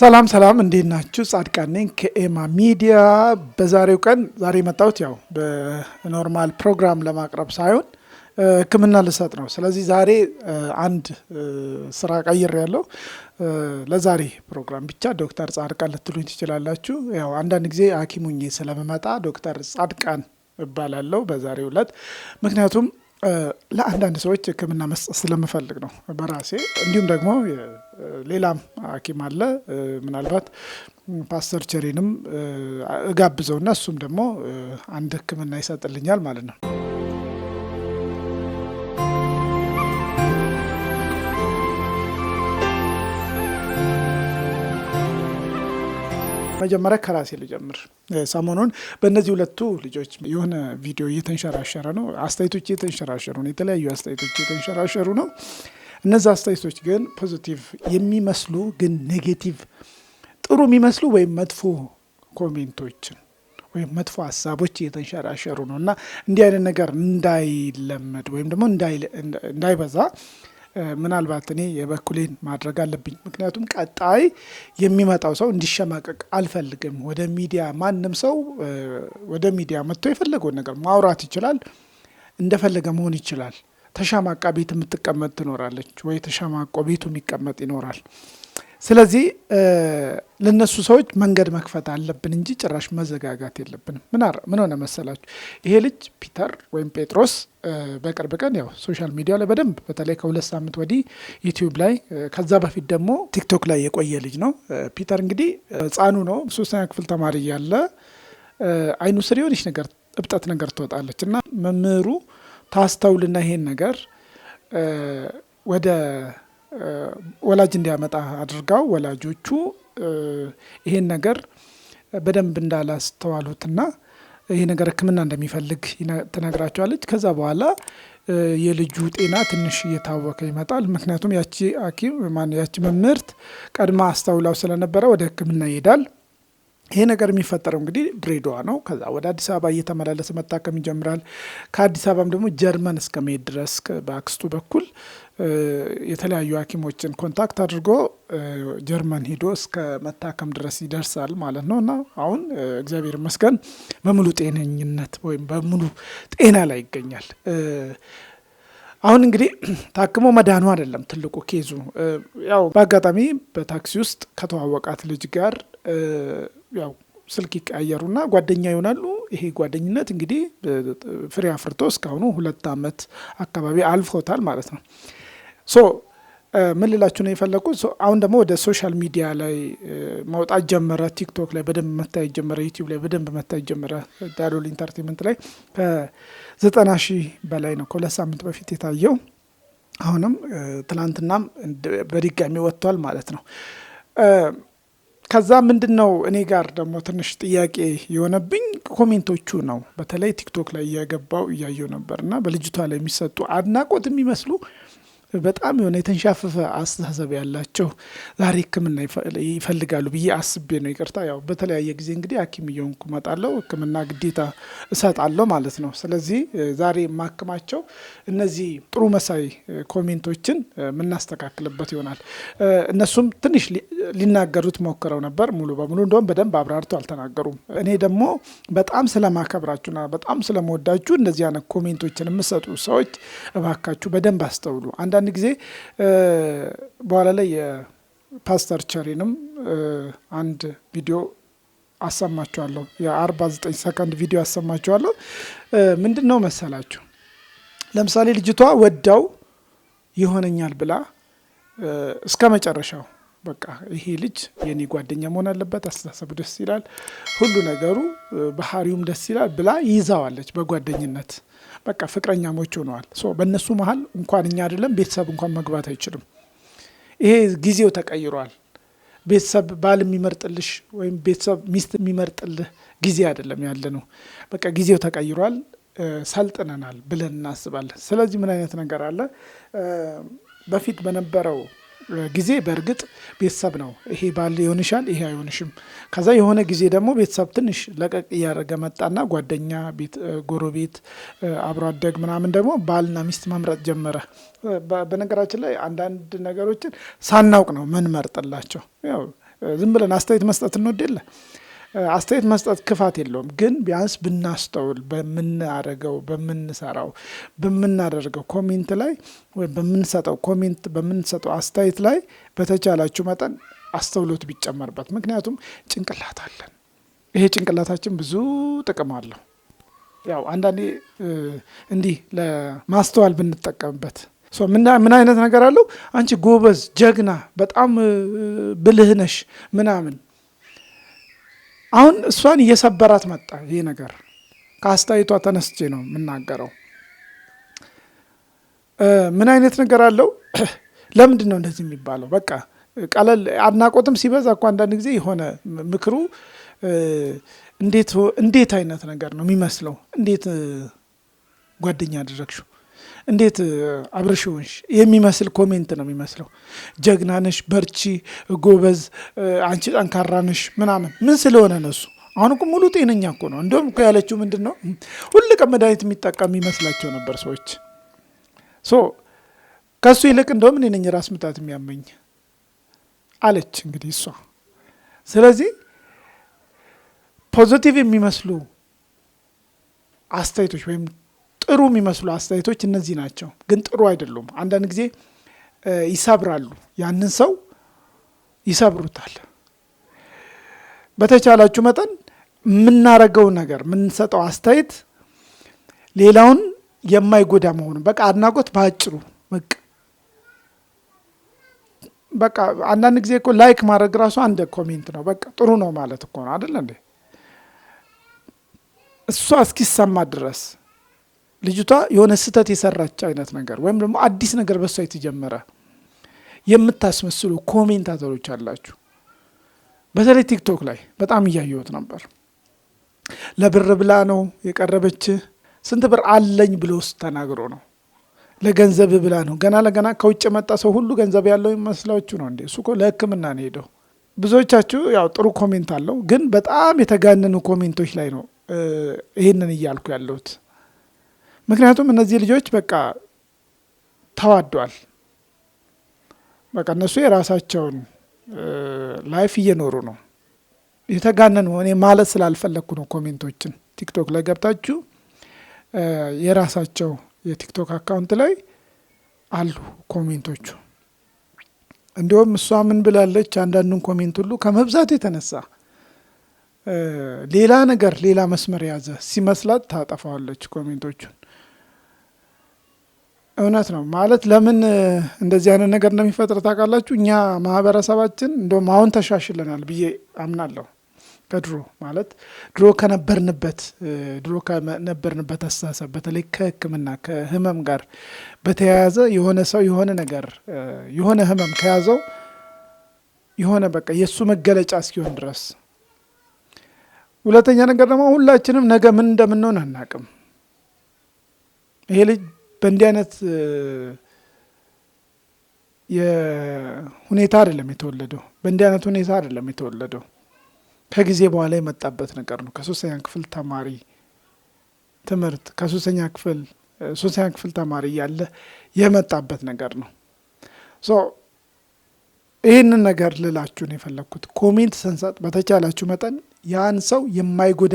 ሰላም ሰላም፣ እንዴት ናችሁ? ጻድቃን ነኝ ከኤማ ሚዲያ። በዛሬው ቀን ዛሬ የመጣሁት ያው በኖርማል ፕሮግራም ለማቅረብ ሳይሆን ሕክምና ልሰጥ ነው። ስለዚህ ዛሬ አንድ ስራ ቀይር ያለው ለዛሬ ፕሮግራም ብቻ ዶክተር ጻድቃን ልትሉኝ ትችላላችሁ። ያው አንዳንድ ጊዜ ሐኪሙኜ ስለምመጣ ዶክተር ጻድቃን እባላለሁ በዛሬው ዕለት ምክንያቱም ለአንዳንድ ሰዎች ህክምና መስጠት ስለምፈልግ ነው በራሴ እንዲሁም ደግሞ ሌላም ሀኪም አለ ምናልባት ፓስተር ቸሬንም እና እሱም ደግሞ አንድ ህክምና ይሰጥልኛል ማለት ነው። መጀመሪያ ከራሴ ልጀምር። ሰሞኑን በእነዚህ ሁለቱ ልጆች የሆነ ቪዲዮ እየተንሸራሸረ ነው። አስተያየቶች እየተንሸራሸሩ ነው። የተለያዩ አስተያየቶች እየተንሸራሸሩ ነው። እነዚህ አስተያየቶች ግን ፖዚቲቭ የሚመስሉ ግን ኔጌቲቭ፣ ጥሩ የሚመስሉ ወይም መጥፎ ኮሜንቶችን ወይም መጥፎ ሀሳቦች እየተንሸራሸሩ ነው እና እንዲህ አይነት ነገር እንዳይለመድ ወይም ደግሞ እንዳይበዛ ምናልባት እኔ የበኩሌን ማድረግ አለብኝ። ምክንያቱም ቀጣይ የሚመጣው ሰው እንዲሸማቀቅ አልፈልግም። ወደ ሚዲያ ማንም ሰው ወደ ሚዲያ መጥቶ የፈለገውን ነገር ማውራት ይችላል፣ እንደፈለገ መሆን ይችላል። ተሸማቃ ቤት የምትቀመጥ ትኖራለች ወይ ተሸማቆ ቤቱ የሚቀመጥ ይኖራል። ስለዚህ ለነሱ ሰዎች መንገድ መክፈት አለብን እንጂ ጭራሽ መዘጋጋት የለብንም። ምን ሆነ መሰላችሁ? ይሄ ልጅ ፒተር ወይም ጴጥሮስ በቅርብ ቀን ያው ሶሻል ሚዲያ ላይ በደንብ በተለይ ከሁለት ሳምንት ወዲህ ዩቲዩብ ላይ ከዛ በፊት ደግሞ ቲክቶክ ላይ የቆየ ልጅ ነው። ፒተር እንግዲህ ህፃኑ ነው። ሶስተኛ ክፍል ተማሪ እያለ አይኑ ስር የሆነች ነገር እብጠት ነገር ትወጣለች እና መምህሩ ታስተውልና ይሄን ነገር ወደ ወላጅ እንዲያመጣ አድርጋው ወላጆቹ ይሄን ነገር በደንብ እንዳላስተዋሉትና ይሄ ነገር ሕክምና እንደሚፈልግ ትነግራቸዋለች። ከዛ በኋላ የልጁ ጤና ትንሽ እየታወከ ይመጣል። ምክንያቱም ያቺ ሐኪም ያቺ መምህርት ቀድማ አስተውላው ስለነበረ ወደ ሕክምና ይሄዳል። ይሄ ነገር የሚፈጠረው እንግዲህ ድሬዳዋ ነው። ከዛ ወደ አዲስ አበባ እየተመላለሰ መታከም ይጀምራል። ከአዲስ አበባም ደግሞ ጀርመን እስከ መሄድ ድረስ በአክስቱ በኩል የተለያዩ ሐኪሞችን ኮንታክት አድርጎ ጀርመን ሂዶ እስከ መታከም ድረስ ይደርሳል ማለት ነው። እና አሁን እግዚአብሔር ይመስገን በሙሉ ጤነኝነት ወይም በሙሉ ጤና ላይ ይገኛል። አሁን እንግዲህ ታክሞ መዳኑ አይደለም ትልቁ ኬዙ። ያው በአጋጣሚ በታክሲ ውስጥ ከተዋወቃት ልጅ ጋር ያው ስልክ ይቀያየሩና ጓደኛ ይሆናሉ። ይሄ ጓደኝነት እንግዲህ ፍሬ አፍርቶ እስካሁኑ ሁለት ዓመት አካባቢ አልፎታል ማለት ነው። ሶ ምን ልላችሁ ነው የፈለግኩት። አሁን ደግሞ ወደ ሶሻል ሚዲያ ላይ መውጣት ጀመረ። ቲክቶክ ላይ በደንብ መታየት ጀመረ። ዩቲዩብ ላይ በደንብ መታየት ጀመረ። ዳሎል ኢንተርቴንመንት ላይ ከዘጠና ሺህ በላይ ነው ከሁለት ሳምንት በፊት የታየው። አሁንም ትናንትናም በድጋሚ ወጥቷል ማለት ነው። ከዛ ምንድን ነው እኔ ጋር ደግሞ ትንሽ ጥያቄ የሆነብኝ ኮሜንቶቹ ነው። በተለይ ቲክቶክ ላይ እየገባው እያየው ነበር እና በልጅቷ ላይ የሚሰጡ አድናቆት የሚመስሉ በጣም የሆነ የተንሻፈፈ አስተሳሰብ ያላቸው ዛሬ ሕክምና ይፈልጋሉ ብዬ አስቤ ነው። ይቅርታ ያው በተለያየ ጊዜ እንግዲህ ሐኪም እየሆንኩ እመጣለሁ። ሕክምና ግዴታ እሰጣለሁ ማለት ነው። ስለዚህ ዛሬ የማክማቸው እነዚህ ጥሩ መሳይ ኮሜንቶችን የምናስተካክልበት ይሆናል። እነሱም ትንሽ ሊናገሩት ሞክረው ነበር። ሙሉ በሙሉ እንደውም በደንብ አብራርቶ አልተናገሩም። እኔ ደግሞ በጣም ስለማከብራችሁና በጣም ስለመወዳችሁ እነዚህ አይነት ኮሜንቶችን የምሰጡ ሰዎች እባካችሁ በደንብ አስተውሉ። አንዳንድ ጊዜ በኋላ ላይ የፓስተር ቸሪንም አንድ ቪዲዮ አሰማችኋለሁ፣ የ49 ሰከንድ ቪዲዮ አሰማችኋለሁ። ምንድን ነው መሰላችሁ? ለምሳሌ ልጅቷ ወዳው ይሆነኛል ብላ እስከ መጨረሻው በቃ ይሄ ልጅ የኔ ጓደኛ መሆን አለበት፣ አስተሳሰቡ ደስ ይላል፣ ሁሉ ነገሩ ባህሪውም ደስ ይላል ብላ ይይዛዋለች በጓደኝነት በቃ ፍቅረኛሞች ሆነዋል። በእነሱ መሀል እንኳን እኛ አይደለም ቤተሰብ እንኳን መግባት አይችልም። ይሄ ጊዜው ተቀይሯል። ቤተሰብ ባል የሚመርጥልሽ ወይም ቤተሰብ ሚስት የሚመርጥልህ ጊዜ አይደለም ያለ ነው። በቃ ጊዜው ተቀይሯል፣ ሰልጥነናል ብለን እናስባለን። ስለዚህ ምን አይነት ነገር አለ በፊት በነበረው ጊዜ በእርግጥ ቤተሰብ ነው። ይሄ ባል ይሆንሻል፣ ይሄ አይሆንሽም። ከዛ የሆነ ጊዜ ደግሞ ቤተሰብ ትንሽ ለቀቅ እያደረገ መጣና ጓደኛ፣ ጎረቤት፣ አብሮ አደግ ምናምን ደግሞ ባልና ሚስት መምረጥ ጀመረ። በነገራችን ላይ አንዳንድ ነገሮችን ሳናውቅ ነው ምን መርጥላቸው። ያው ዝም ብለን አስተያየት መስጠት እንወድ የለ አስተያየት መስጠት ክፋት የለውም፣ ግን ቢያንስ ብናስተውል በምናደርገው በምንሰራው በምናደርገው ኮሜንት ላይ ወይም በምንሰጠው ኮሜንት በምንሰጠው አስተያየት ላይ በተቻላችሁ መጠን አስተውሎት ቢጨመርበት። ምክንያቱም ጭንቅላት አለን። ይሄ ጭንቅላታችን ብዙ ጥቅም አለው። ያው አንዳንዴ እንዲህ ለማስተዋል ብንጠቀምበት ምን አይነት ነገር አለው? አንቺ ጎበዝ፣ ጀግና፣ በጣም ብልህ ነሽ ምናምን አሁን እሷን እየሰበራት መጣ። ይህ ነገር ከአስተያየቷ ተነስቼ ነው የምናገረው። ምን አይነት ነገር አለው? ለምንድን ነው እንደዚህ የሚባለው? በቃ ቀለል አድናቆትም ሲበዛ እኮ አንዳንድ ጊዜ የሆነ ምክሩ እንዴት አይነት ነገር ነው የሚመስለው? እንዴት ጓደኛ አደረግሽው እንዴት አብረሽውንሽ የሚመስል ኮሜንት ነው የሚመስለው። ጀግናንሽ፣ በርቺ፣ ጎበዝ፣ አንቺ ጠንካራነሽ ምናምን ምን ስለሆነ ነሱ። አሁን እኮ ሙሉ ጤነኛ እኮ ነው። እንደውም እኮ ያለችው ምንድን ነው ሁል ቀን መድኃኒት የሚጠቀም ይመስላቸው ነበር ሰዎች። ሶ ከእሱ ይልቅ እንደውም እኔ ነኝ ራስ ምታት የሚያመኝ አለች እንግዲህ እሷ። ስለዚህ ፖዚቲቭ የሚመስሉ አስተያየቶች ወይም ጥሩ የሚመስሉ አስተያየቶች እነዚህ ናቸው፣ ግን ጥሩ አይደሉም። አንዳንድ ጊዜ ይሰብራሉ፣ ያንን ሰው ይሰብሩታል። በተቻላችሁ መጠን የምናረገው ነገር የምንሰጠው አስተያየት ሌላውን የማይጎዳ መሆኑን በቃ አድናቆት በአጭሩ በቃ በቃ አንዳንድ ጊዜ እኮ ላይክ ማድረግ ራሱ አንድ ኮሜንት ነው። በቃ ጥሩ ነው ማለት እኮ ነው አደለ እንዴ? እሷ እስኪሰማ ድረስ ልጅቷ የሆነ ስህተት የሰራች አይነት ነገር ወይም ደግሞ አዲስ ነገር በሷ የተጀመረ የምታስመስሉ ኮሜንታተሮች አላችሁ። በተለይ ቲክቶክ ላይ በጣም እያየሁት ነበር። ለብር ብላ ነው የቀረበች። ስንት ብር አለኝ ብሎ ተናግሮ ነው። ለገንዘብ ብላ ነው። ገና ለገና ከውጭ የመጣ ሰው ሁሉ ገንዘብ ያለው ይመስላችሁ ነው እንዴ? እሱ እኮ ለሕክምና ነው ሄደው። ብዙዎቻችሁ ያው ጥሩ ኮሜንት አለው፣ ግን በጣም የተጋነኑ ኮሜንቶች ላይ ነው ይህንን እያልኩ ያለሁት። ምክንያቱም እነዚህ ልጆች በቃ ተዋደዋል። በቃ እነሱ የራሳቸውን ላይፍ እየኖሩ ነው። የተጋነን እኔ ማለት ስላልፈለግኩ ነው። ኮሜንቶችን ቲክቶክ ላይ ገብታችሁ የራሳቸው የቲክቶክ አካውንት ላይ አሉ ኮሜንቶቹ። እንዲሁም እሷ ምን ብላለች? አንዳንዱን ኮሜንት ሁሉ ከመብዛት የተነሳ ሌላ ነገር ሌላ መስመር የያዘ ሲመስላት ታጠፋዋለች ኮሜንቶቹን። እውነት ነው ማለት ለምን እንደዚህ አይነት ነገር እንደሚፈጥር ታውቃላችሁ? እኛ ማህበረሰባችን እንደውም አሁን ተሻሽለናል ብዬ አምናለሁ። ከድሮ ማለት ድሮ ከነበርንበት ድሮ ከነበርንበት አስተሳሰብ በተለይ ከሕክምና ከህመም ጋር በተያያዘ የሆነ ሰው የሆነ ነገር የሆነ ህመም ከያዘው የሆነ በቃ የእሱ መገለጫ እስኪሆን ድረስ። ሁለተኛ ነገር ደግሞ ሁላችንም ነገ ምን እንደምንሆን አናቅም። ይሄ ልጅ በእንዲህ አይነት ሁኔታ አይደለም የተወለደው። በእንዲህ አይነት ሁኔታ አይደለም የተወለደው። ከጊዜ በኋላ የመጣበት ነገር ነው። ከሶስተኛ ክፍል ተማሪ ትምህርት ከሶስተኛ ክፍል ሶስተኛ ክፍል ተማሪ እያለ የመጣበት ነገር ነው። ይህንን ነገር ልላችሁ ነው የፈለግኩት። ኮሜንት ስንሰጥ በተቻላችሁ መጠን ያን ሰው የማይጎዳ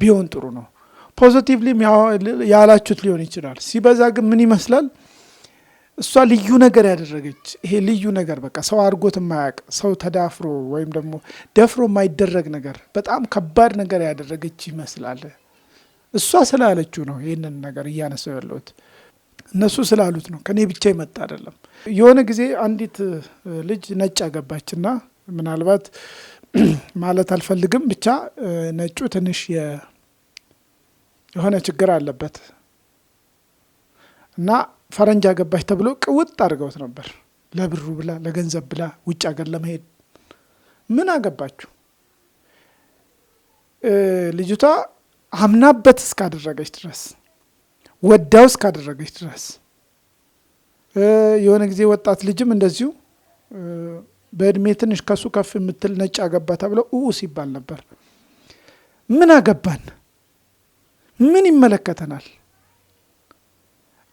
ቢሆን ጥሩ ነው። ፖዚቲቭሊ ያላችሁት ሊሆን ይችላል። ሲበዛ ግን ምን ይመስላል? እሷ ልዩ ነገር ያደረገች ይሄ ልዩ ነገር በቃ ሰው አድርጎት የማያውቅ ሰው ተዳፍሮ ወይም ደግሞ ደፍሮ የማይደረግ ነገር በጣም ከባድ ነገር ያደረገች ይመስላል። እሷ ስላለችው ነው ይህንን ነገር እያነሳው ያለሁት፣ እነሱ ስላሉት ነው። ከኔ ብቻ ይመጣ አይደለም። የሆነ ጊዜ አንዲት ልጅ ነጭ አገባችና ምናልባት ማለት አልፈልግም ብቻ ነጩ ትንሽ የሆነ ችግር አለበት እና ፈረንጅ አገባች ተብሎ ቅውጥ አድርገውት ነበር። ለብሩ ብላ ለገንዘብ ብላ ውጭ ሀገር ለመሄድ ምን አገባችሁ? ልጅቷ አምናበት እስካደረገች ድረስ ወዳው እስካደረገች ድረስ የሆነ ጊዜ ወጣት ልጅም እንደዚሁ በእድሜ ትንሽ ከሱ ከፍ የምትል ነጭ አገባ ተብለው ውስ ይባል ነበር። ምን አገባን? ምን ይመለከተናል?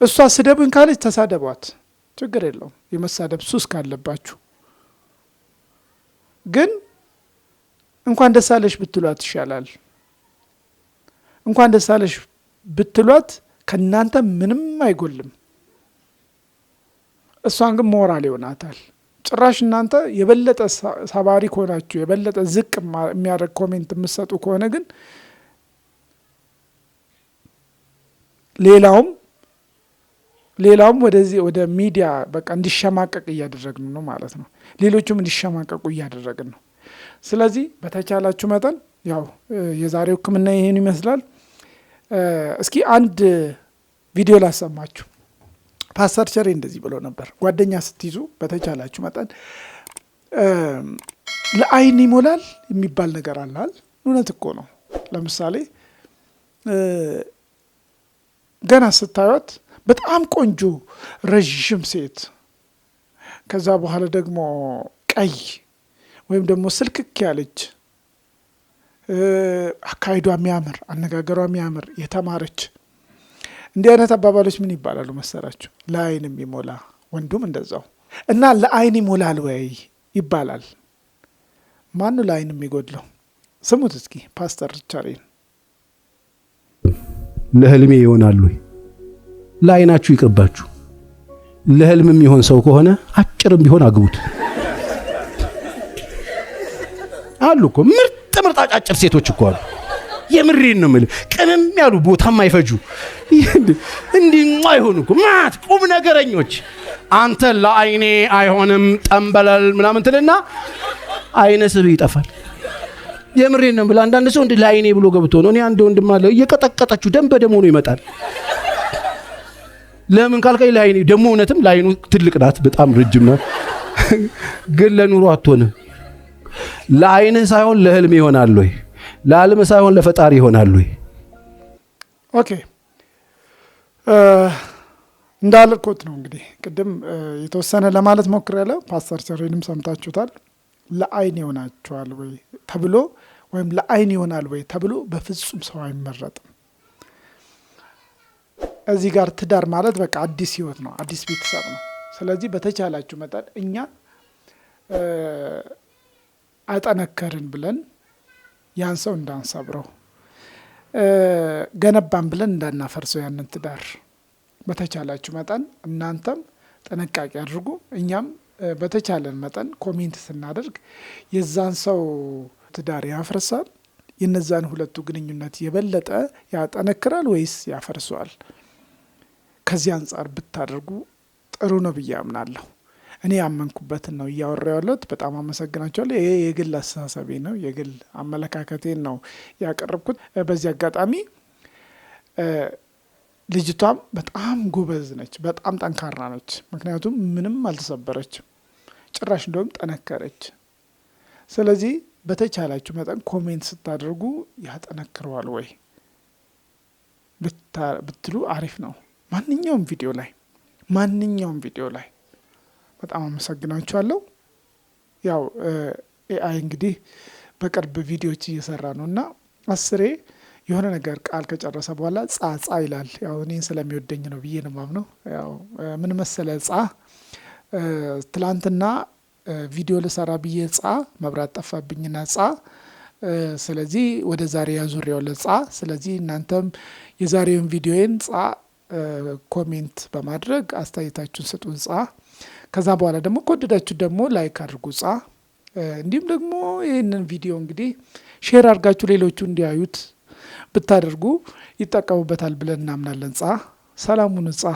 እሷ ስደቡኝ ካለች ተሳደቧት፣ ችግር የለውም። የመሳደብ ሱስ ካለባችሁ ግን እንኳን ደሳለሽ ብትሏት ይሻላል። እንኳን ደሳለሽ ብትሏት ከእናንተ ምንም አይጎልም። እሷን ግን ሞራል ይሆናታል። ጭራሽ እናንተ የበለጠ ሳባሪ ከሆናችሁ የበለጠ ዝቅ የሚያደርግ ኮሜንት የምትሰጡ ከሆነ ግን ሌላውም ሌላውም ወደዚህ ወደ ሚዲያ በቃ እንዲሸማቀቅ እያደረግን ነው ማለት ነው። ሌሎቹም እንዲሸማቀቁ እያደረግን ነው። ስለዚህ በተቻላችሁ መጠን ያው የዛሬው ሕክምና ይሄን ይመስላል። እስኪ አንድ ቪዲዮ ላሰማችሁ። ፓስተር ቸሬ እንደዚህ ብሎ ነበር፣ ጓደኛ ስትይዙ በተቻላችሁ መጠን ለአይን ይሞላል የሚባል ነገር አላል። እውነት እኮ ነው። ለምሳሌ ገና ስታዩት በጣም ቆንጆ ረዥም ሴት፣ ከዛ በኋላ ደግሞ ቀይ ወይም ደግሞ ስልክክ ያለች አካሄዷ የሚያምር አነጋገሯ የሚያምር የተማረች እንዲህ አይነት አባባሎች ምን ይባላሉ መሰላችሁ? ለአይን የሚሞላ ወንዱም እንደዛው እና ለአይን ይሞላል ወይ ይባላል። ማኑ ለአይን የሚጎድለው ስሙት እስኪ ፓስተር ቻሬን ለህልሜ ይሆናሉ። ለአይናችሁ ይቅርባችሁ። ለህልምም ይሆን ሰው ከሆነ አጭርም ቢሆን አግቡት። አሉ እኮ ምርጥ ምርጥ አጫጭር ሴቶች እኮ አሉ። የምሬን ነው የምልህ። ቅምም ያሉ ቦታ ማይፈጁ እንዲህ አይሆኑ እኮ ማት ቁም ነገረኞች። አንተ ለአይኔ አይሆንም ጠንበለል ምናምን ትልና አይነ ስብ ይጠፋል። የምሬን ነው ብለ አንዳንድ ሰው እንደ ላይኔ ብሎ ገብቶ ነው። እኔ አንድ ወንድም አለ እየቀጠቀጠችሁ ደም በደም ሆኖ ይመጣል። ለምን ካልከኝ ላይኔ ደግሞ እውነትም ላይኑ ትልቅ ናት፣ በጣም ረጅም ናት። ግን ለኑሮ አትሆንም። ለአይንህ ሳይሆን ለህልም ይሆናል ወይ? ለአልም ሳይሆን ለፈጣሪ ይሆናል ወይ? ኦኬ እንዳልኩት ነው እንግዲህ ቅድም የተወሰነ ለማለት ያለ ፓስተር ቸሬንም ሰምታችሁታል። ለአይን ይሆናቸዋል ወይ ተብሎ ወይም ለአይን ይሆናል ወይ ተብሎ በፍጹም ሰው አይመረጥም። እዚህ ጋር ትዳር ማለት በቃ አዲስ ህይወት ነው፣ አዲስ ቤተሰብ ነው። ስለዚህ በተቻላችሁ መጠን እኛ አጠነከርን ብለን ያን ሰው እንዳንሰብረው፣ ገነባን ብለን እንዳናፈርሰው ያንን ትዳር በተቻላችሁ መጠን እናንተም ጥንቃቄ አድርጉ እኛም በተቻለን መጠን ኮሜንት ስናደርግ የዛን ሰው ትዳር ያፈርሳል፣ የነዛን ሁለቱ ግንኙነት የበለጠ ያጠነክራል ወይስ ያፈርሰዋል? ከዚህ አንጻር ብታደርጉ ጥሩ ነው ብዬ አምናለሁ። እኔ ያመንኩበትን ነው እያወራ ያለሁት። በጣም አመሰግናቸዋለሁ። ይሄ የግል አስተሳሰቤ ነው፣ የግል አመለካከቴን ነው ያቀረብኩት። በዚህ አጋጣሚ ልጅቷም በጣም ጎበዝ ነች፣ በጣም ጠንካራ ነች። ምክንያቱም ምንም አልተሰበረችም፣ ጭራሽ እንደውም ጠነከረች። ስለዚህ በተቻላችሁ መጠን ኮሜንት ስታደርጉ ያጠነክረዋል ወይ ብትሉ አሪፍ ነው። ማንኛውም ቪዲዮ ላይ ማንኛውም ቪዲዮ ላይ በጣም አመሰግናችኋለሁ። ያው ኤአይ እንግዲህ በቅርብ ቪዲዮዎች እየሰራ ነው እና አስሬ የሆነ ነገር ቃል ከጨረሰ በኋላ ጻጻ ይላል። ያው እኔን ስለሚወደኝ ነው ብዬ ነው ማምነው። ያው ምን መሰለ ጻ ትላንትና ቪዲዮ ልሰራ ብዬ ጻ መብራት ጠፋብኝና ጻ ስለዚህ ወደ ዛሬ ያዙሬው ለጻ ስለዚህ እናንተም የዛሬውን ቪዲዮዬን ጻ ኮሜንት በማድረግ አስተያየታችሁን ስጡን ጻ ከዛ በኋላ ደግሞ ከወደዳችሁ ደግሞ ላይክ አድርጉ ጻ እንዲሁም ደግሞ ይህንን ቪዲዮ እንግዲህ ሼር አድርጋችሁ ሌሎቹ እንዲያዩት ብታደርጉ ይጠቀሙበታል ብለን እናምናለን። ጻ ሰላሙን ጻ